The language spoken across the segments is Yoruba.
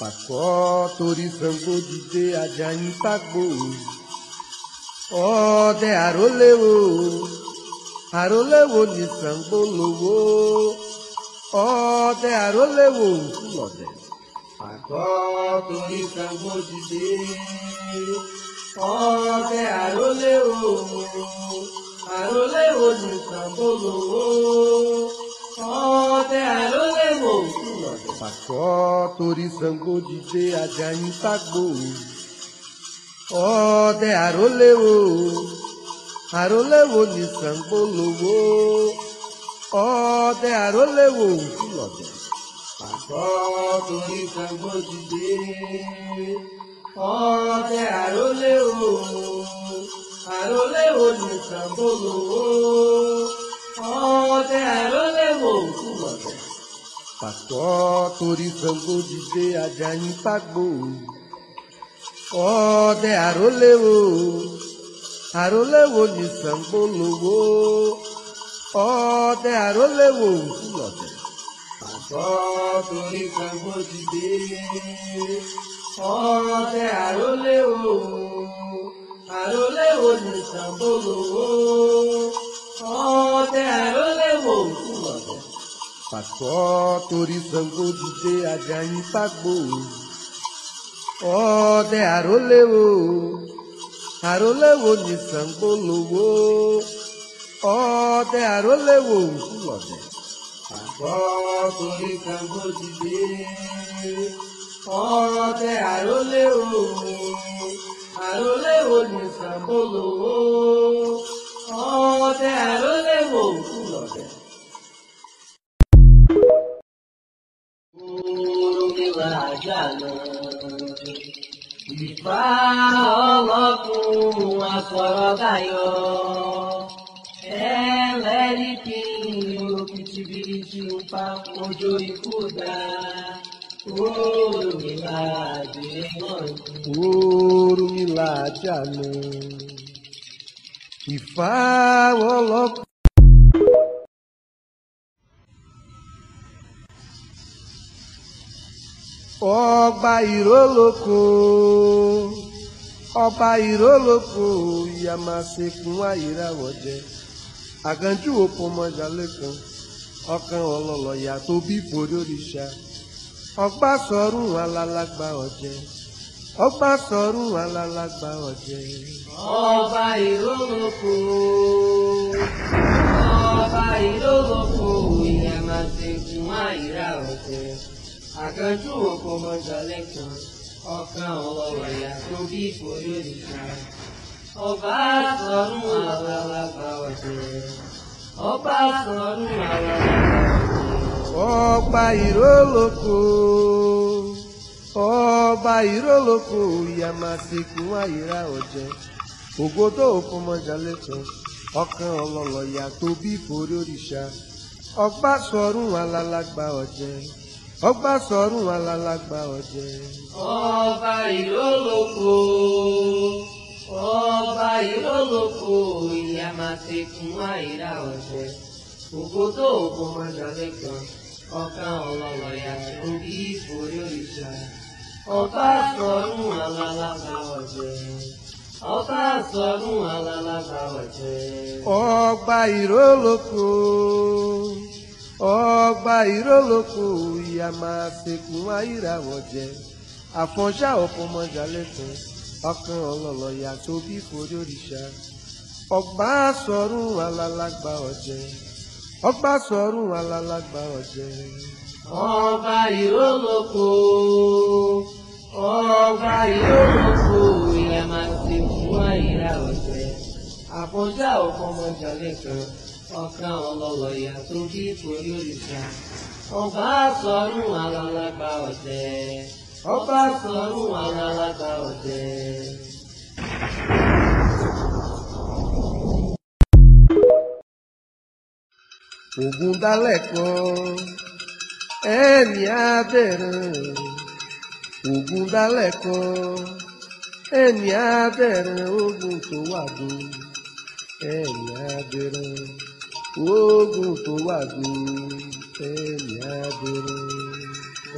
pàkọ́ torí Ṣàngó dìde Àjàyí pàgbò ọdẹ àrólẹ́wò àrólẹ́wò ní Ṣàngó lówó ọdẹ àrólẹ́wò ńlọdẹ pàkọ́ torí Ṣàngó dìde ọdẹ àrólẹ́wò àrólẹ́wò ní Ṣàngó lówó ọdẹ àrólẹ́wò pàṣọ torí Ṣàngó dìde Àjàyí ságbó ọdẹ àrólẹ́wò àrólẹ́wò ní Ṣàngó lówó ọdẹ àrólẹ́wò òkú lọ́dẹ pàṣọ torí Ṣàngó dìde ọdẹ àrólẹ́wò àrólẹ́wò ní Ṣàngó lówó ọdẹ àrólẹ́wò òkú lọ́dẹ pàtó torí Ṣàngó dìde Àjàyí pàgbò ọdẹ àrólẹ́wò àrólẹ́wò ní Ṣàngó lówó ọdẹ àrólẹ́wò ńlọdẹ pàtó torí Ṣàngó dìde ọdẹ àrólẹ́wò àrólẹ́wò ní Ṣàngó lówó ọdẹ àrólẹ́wò pàṣọ torí Ṣàngó dìde Àjàyí pàgbò ọdẹ àrólẹ́wò àrólẹ́wò ní Ṣàngó lówó ọdẹ àrólẹ́wò òkú lọ́dẹ. pàṣọ torí Ṣàngó dìde ọdẹ àrólẹ́wò àrólẹ́wò ní Ṣàngó lówó ọdẹ àrólẹ́wò òkú lọ́dẹ. lánàá. Ìfá ọlọ́kùn àfọ̀rọ̀báyọ̀. Ẹlẹ́rìí kí òkìtì bìrìtì ń pa ojú ikú dá. Oorun mi la jànú. Ìfá ọlọ́kùn. ọba ìrólókò ọba ìrólókò yamasekun ayírawọ jẹ àkànjú òpómọjà lẹkàn ọkàn ọlọlọ yàtọ̀ bí bòdòrìṣà ọgbà sọrùn alálágbà ọjẹ ọgbà sọrùn alálágbà ọjẹ. ọba ìrólókò ọba ìrólókò yamasekun ayírawọ jẹ. Àjọjú òkò mọ́jọ lẹ́tàn, ọ̀kan ọ̀wọ̀ yàtọ̀ bí ìfòyó nìkan. Ọba àtọ̀run àwàlàgbà ọ̀jẹ̀. Ọba àtọ̀run àwàlàgbà ọ̀jẹ̀. Ọba ìrólókò. Ọba ìrólókò ìyàmàsìkú àyíra ọ̀jẹ̀. Ògòdó òkò mọ́jọ lẹ́tàn, ọ̀kan ọlọ́lọ́ yàtọ̀ bí ìfòyó òrìṣà. Ọba sọ̀rùn àlàlàgbà ọ̀jẹ̀ ọgbà sọ̀rùn alálàgbà ọ̀jẹ̀. ọba ìlólòpó ọba ìlólòpó ìyá máa ti kún àìrá ọ̀jẹ̀ òkú tó òkú máa jọlé kan ọkàn ọlọ́lọ́ yàtọ̀ bí ìforí òrìṣà ọba sọ̀rùn alálàgbà ọ̀jẹ̀. Ọba sọ̀rùn alálàgbà ọ̀jẹ̀. Ọba ìrólòpó ọba ìrólòpó a máa sekun ayírawọ̀ jẹ àfọ̀nṣá ọ̀fọ̀mọjà lẹ́kùn ọkàn ọlọ́lọ́yà tó bí forí òrìṣà ọgbà sọ̀rùn alálàgbà ọ̀jẹ̀ ọgbà sọ̀rùn alálàgbà ọ̀jẹ̀. ọba ìrólókò ọba ìrólókò ìyá máa sekun ayírawọ̀ jẹ àfọ̀nṣá ọ̀fọ̀mọjà lẹ́kùn ọkàn ọlọ́lọ́yà tó bí forí òrìṣà ọba sọ̀rùn alálàgbà ọ̀tẹ̀ ọba sọ̀rùn alálàgbà ọ̀tẹ̀. ògùn dálẹ̀ kan ẹ̀mí abẹ́rẹ́ ògùn dálẹ̀ kan ẹ̀mí abẹ́rẹ́ ogun tó wà dùn ẹ̀mí abẹ́rẹ́ ogun tó wà dùn. Eliabere.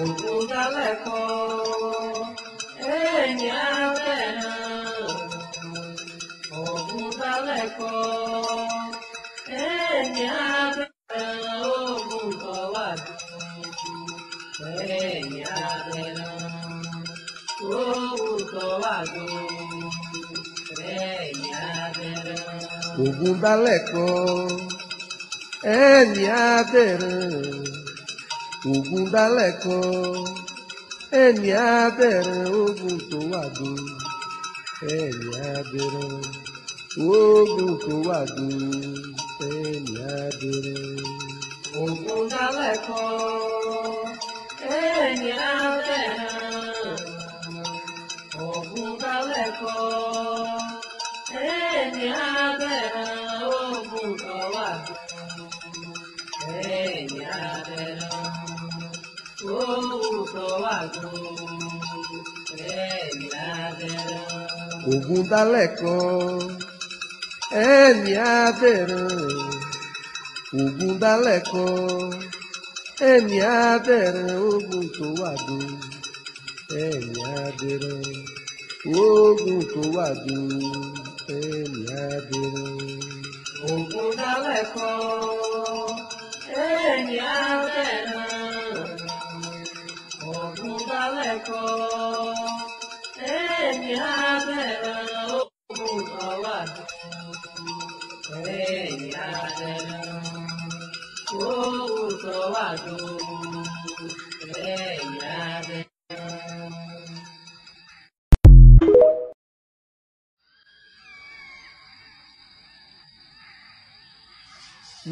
Ògùndálẹ̀ kan, èèyàn fẹ́ràn. Ògùndálẹ̀ kan, èèyàn fẹ́ràn. Ògùn kan wà tuntun, èèyàn fẹ́ràn. Ògùn kan wà tuntun, èèyàn fẹ́ràn. Ògùndálẹ̀ kan ẹni abẹ́rẹ́ ogun dálẹ̀ kan ẹni abẹ́rẹ́ ogun tó wà dó ẹni abẹ́rẹ́ ogun tó wà dó ẹni abẹ́rẹ́ ogun dálẹ̀ kan ẹni abẹ́rẹ́ ogun dálẹ̀ kan. ogun dalẹ́kọ̀ ẹni abẹ́rẹ́ ogun dalẹ́kọ̀ ẹni abẹ́rẹ́ ogun tó wà dé ẹni abẹ́rẹ́ ogun tó wà dé ẹni abẹ́rẹ́. ogun dalẹ́kọ̀ ẹni abẹ́rẹ́ ogun dalẹ́kọ̀.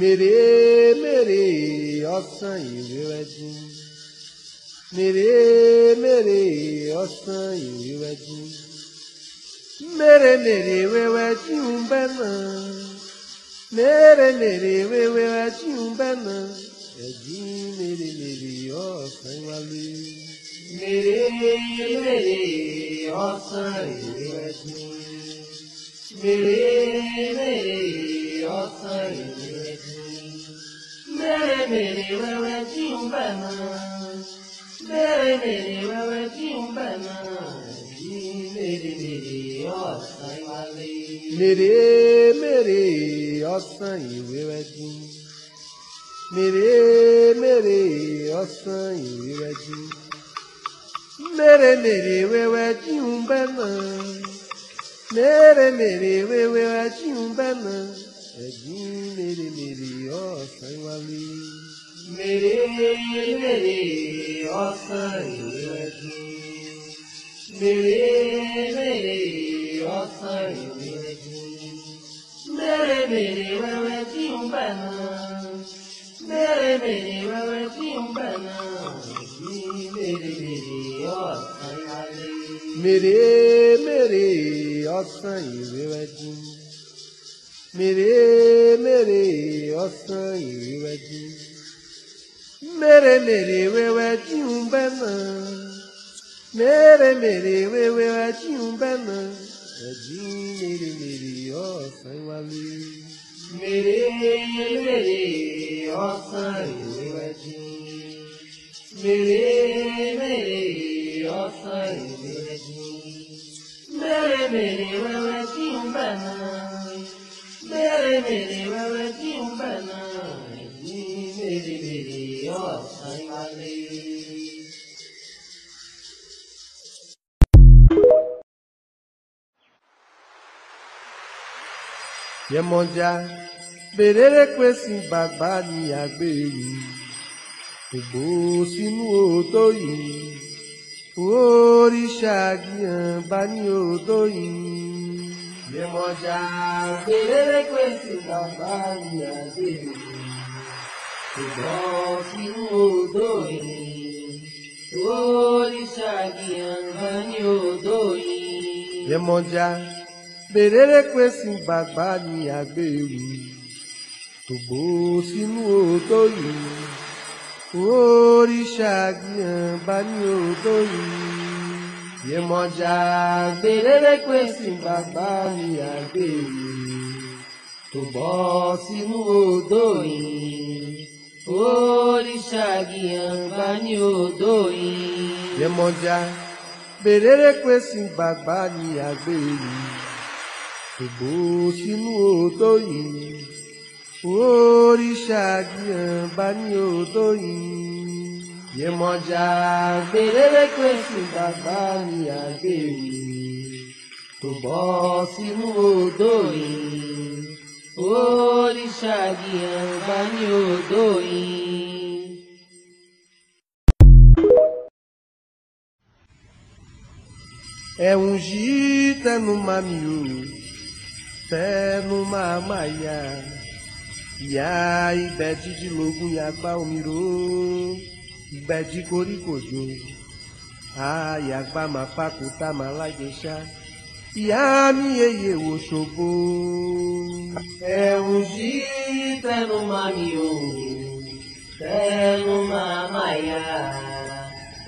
mèrè mèrè ọ̀sán ìrẹ̀wẹ̀jì mèrè mèrè ọ̀sán ìrẹ̀wẹ̀jì mere mere wewe chiumbena mere mere wewe chiumbena ẹjí mere mere ọsàn wálé. mere mere ọsàn ìwé ẹdín. mere mere ọsàn ìwé ẹdín. mere mere wẹwẹ chiumbena mere mere wẹwẹ chiumbena. mèremère ọ̀sán ìwé wẹ́jú mèremère ọ̀sán ìwé wẹ́jú mèremère wẹ́wẹ́jú ń bẹ́ náà mèremère wẹ́wẹ́jú ń bẹ́ náà ẹ̀gbìn mèremère ọ̀sán wálé mèremère ọ̀sán ìwé wẹ́jú mèremère ọ̀sán ìwé Mere mere wẹ́wẹ́ tí ń bà mere bèrè bèrè wẹ́wẹ́ tí ń bà mere ní bèrè mere mere alẹ́. mèrè mèrè mere ìrẹ́wẹ́jú mèrè mèrè ọ̀sán ìrẹ́wẹ́jú mèrè mèrè wẹ́wẹ́ tí ń bẹ náà mèrè mèrè ẹ̀jú mèrè mèrè ọ̀sán wálé. mèrè mèrè ọ̀sán ìwé wájú. mèrè mèrè ọ̀sán ìwé wájú. mèrè mèrè wẹ́wẹ́ tí ń bà náà. mèrè wẹ́wẹ́ tí ń bà náà. ẹ̀jú mèrè ọ̀sán wálé. Yemọja bèrèrè pé sí bàbá ni àgbèrè ògbó sínú odò yìí òrìṣà gbìyàn bá ní odò yìí. Yemọja bèrèrè pé sí bàbá ni àgbèrè ògbó sínú odò yìí òrìṣà gbìyàn bá ní odò yìí. Yemọja bèrèrè pé sin bàgbà ni àgbèrú tògbó sínú odò yìí oríṣà gbìyàn bá ní odò yìí yẹmọjà bèrèrè pé sin bàgbà ni àgbèrú tògbó sínú odò yìí oríṣà gbìyàn bá ní odò yìí yẹmọjà bèrèrè pé ni àgbèrú ògbó sínú òótọ́ yìí oríṣà gbìyàn bá ní òótọ́ yìí yẹmọjà gbèrèrèkè sí bàbá mi àgbèrè tó bọ́ sínú òótọ́ yìí oríṣà gbìyàn bá ní òótọ́ yìí. ẹ̀wùn yìí tẹnu mami o. Tenu mamaya Iai bedi de logo yagba omiro Bedi korikojo Ai agba e malagesha Ia mi eye oshobo É um ungi tenu mamio Tenu mamaya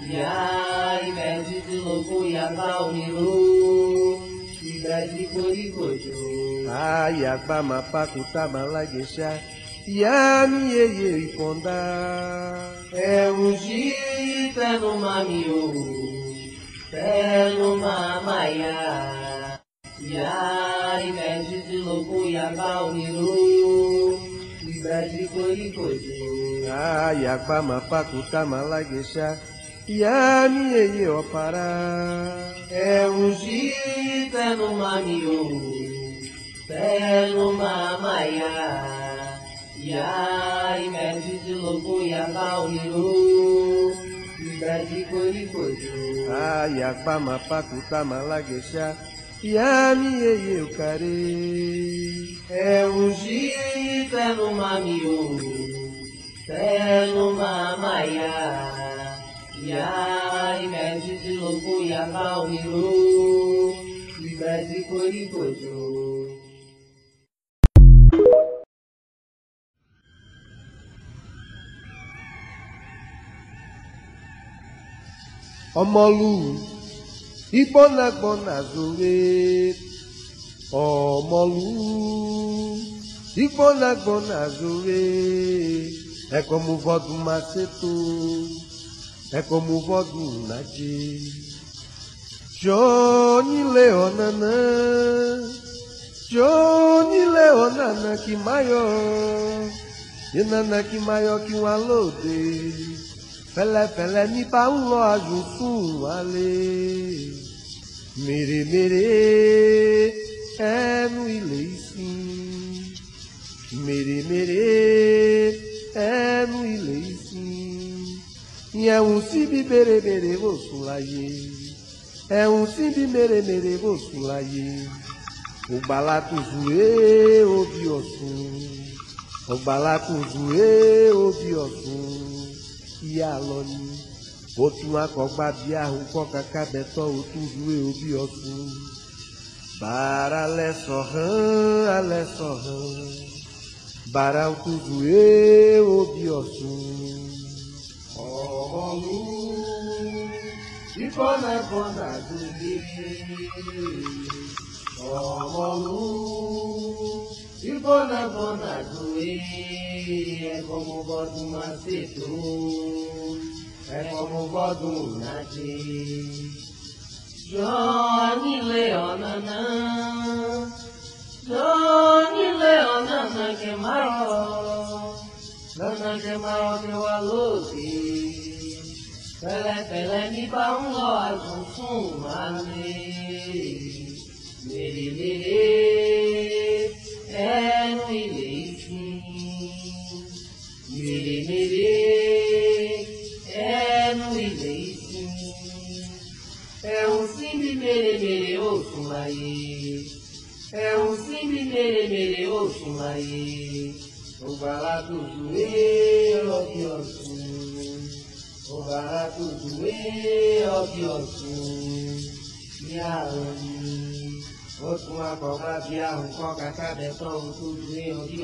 Iai bedi de logo yagba omiro rajin koríkojo. Aya gbama pakuta malajesha, ya mi yeye ifonda. Ẹ̀rù sí tẹnu máa mi o, tẹnu máa máa yá. Ìyá ilẹ̀ títí lóko yàgbá omi lóró, ìgbà tí koríkojo. Aya gbama pakuta malajesha. e a minha e eu parar. É um gita no maniu, pé no mamaiá, e a imede de louco e a bauriru. pama pakuta malagueixa e a minha e eu carei. É um gita no mamiú, Pé no mamaiá. yaa ibẹ̀ títí lóko yàrá omi ró ibẹ̀ tí koríko jò. ọmọlú igbọnagbọna zowe ọmọlú igbọnagbọna zowe ẹkọ mo fọdún máa ṣètò. é como o Voguna nadir, Johnny Leonanã, Johnny Leonanã que maior, e Nanã que maior que um alô dele. Pelé, Pelé, me dá um lojo, um alê. Mere, mere, é no sim, Mere, mere, é no sim. ẹ̀hún síbi mèremère bò sùn láyé ẹ̀hún síbi mèremère bò sùn láyé ògbàlà tùzù ẹ́ òbí ọ̀sùn ògbàlà tùzù ẹ́ òbí ọ̀sùn ìyá lọ ni ó tún akọgbà bí ahùn kọ́ kàkà bẹ́tọ̀ ó tùzù ẹ́ òbí ọ̀sùn bàrà alẹ́ sọ̀hán alẹ́ sọ̀hán bàrà tùzù ẹ́ òbí ọ̀sùn ọ̀hún. Bíkọ́ náà kọ́ dàgbére. Ọmọ ọ̀hún. Bíkọ́ náà kọ́ dàgbére. Ẹ̀kọ́ mo gbọ́dún máa ṣètò. Ẹ̀kọ́ mo gbọ́dún òun á ṣe. Yọ nílé ọ̀nà náà. Yọ nílé ọ̀nà náà kì máa rọ̀. Lọ́nà kì máa rọ̀ mi wá lóde pẹ̀lẹ́pẹ̀lẹ́ ní bá ń lọ àgùn fún àmì mèremère ẹnu ilé ìfún mèremère. bí ọ̀tún bí àrùn ó tún akọ̀gbá bí àrùn kọ́ kàkà bẹ̀ tọ́ ohun tó dúró yàn bí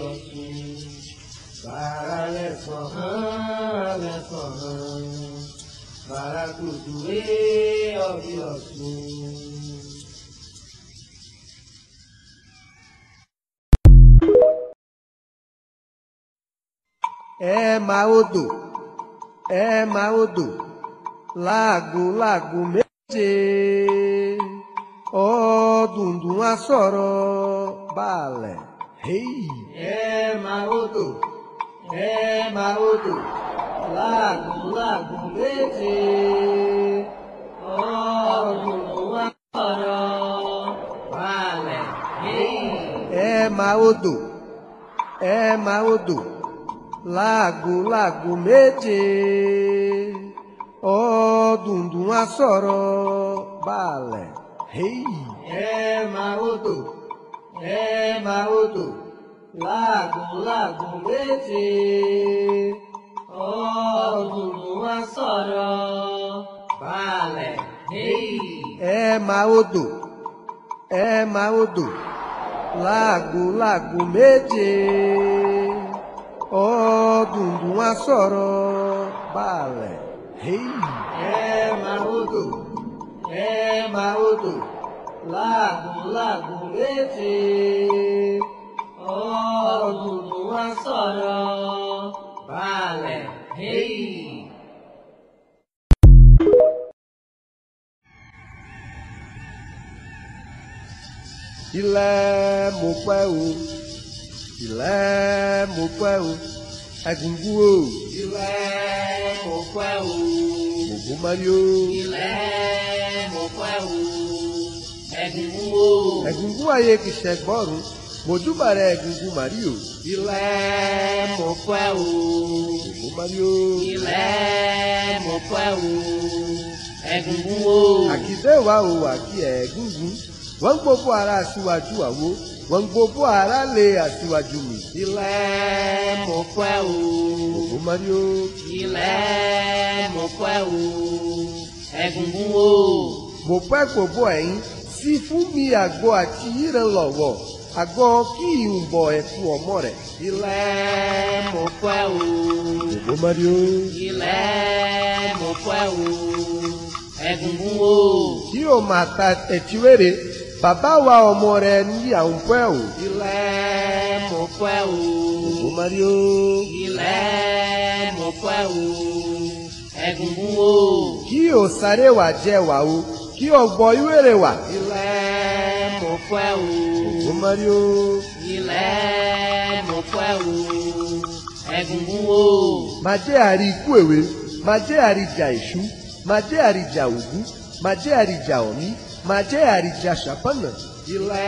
Bàrà lẹ́sọ̀ hàn lẹ́sọ̀ hàn bàrà tó dúró yàn bí ọ̀tún. É Maodo. É Maodo. Lago, lago, meu Ó, oh, dundum, assoró, balé, rei. Hey. É Maudo, é Maudo, Lago, lago, meu Deus. Ó, oh, dundum, assoró, balé, rei. Hey. É Maudo, é Maudo, Lago, lago, meu ó dùndùn asoro, balẹ̀. ẹ máa ó tò ẹ máa ó tò láàgùn láàgùn létí ó dùndùn asọ̀rọ̀ balẹ̀. ẹ máa ó tò ẹ máa ó tò láàgùn láàgùn ó dùndùn asọ̀rọ̀ balẹ̀. Hey, É Maroto, é Maroto, Lago, Lago, Leite, Ọdún ló wá sọ̀rọ̀, balẹ̀, Rei. ilé mo pẹ́ o ilé. mo pẹ́ o ẹ̀gúngún o. ilẹ̀ pẹ́ o. Ògùn máa yó. Ilẹ̀ mo pẹ́ o. Ẹ̀gúngún o. Ẹ̀gúngún ayé kì í ṣẹ̀gbọ́rùn. Mojúbà rẹ̀ Ẹ̀gúngún Màrí o. Ilẹ̀ mo pẹ́ o. Ògùn máa Ilẹ̀ mo pẹ́ o. Ẹ̀gúngún o. Àkìdé wa o wà kí Ẹ̀gúngún. Wọ́n ń gbogbo ara aṣíwájú àwo wọ́n gbogbo ara lé aṣíwájú mi. ilẹ̀ mo fẹ́ o. Mario. Tilẹ̀ mo pẹ́ o, ẹ̀gúngún o. Mo pẹ́ kò bọ̀ ẹ̀yìn sí fún mi àgbo àti yíran lọ́wọ́ àgọ́ kí n bọ̀ ẹ̀fù ọmọ rẹ̀. Ilẹ̀ mo pẹ́ o. Ògbó Mario. Ilẹ̀ mo pẹ́ o, ẹ̀gúngún o. Kí o máa ta ẹ̀tíwèrè bàbá wa ọmọ rẹ ní à ń o. Ilẹ̀ mo pẹ́ o. Mario. Ilẹ̀ mo fẹ́ o, ẹ̀gúngún o. Kí òsàrè wà jẹ wà o, kí ọ̀gbọ̀ ìwéré wà. Ilẹ̀ mo fẹ́ o. Ògùn Mario. Ilẹ̀ mo fẹ́ o, ẹ̀gúngún o. Màá jẹ́ àrí ikú èwe, màá jẹ́ àríjà èṣú, màá jẹ́ àríjà ògún, màá jẹ́ àríjà ọ̀mí, màá jẹ́ àríjà ṣàpọ̀nà. Ilé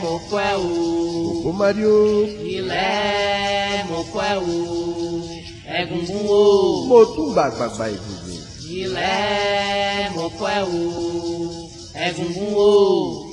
mo fẹ́ o. Òpó Mario. Ilẹ̀ mo fẹ́ o. Ẹ̀gúngún o. Mo tún bá gbàgbà ìbùdó. Ilẹ̀ mo fẹ́ o. Ẹ̀gúngún o.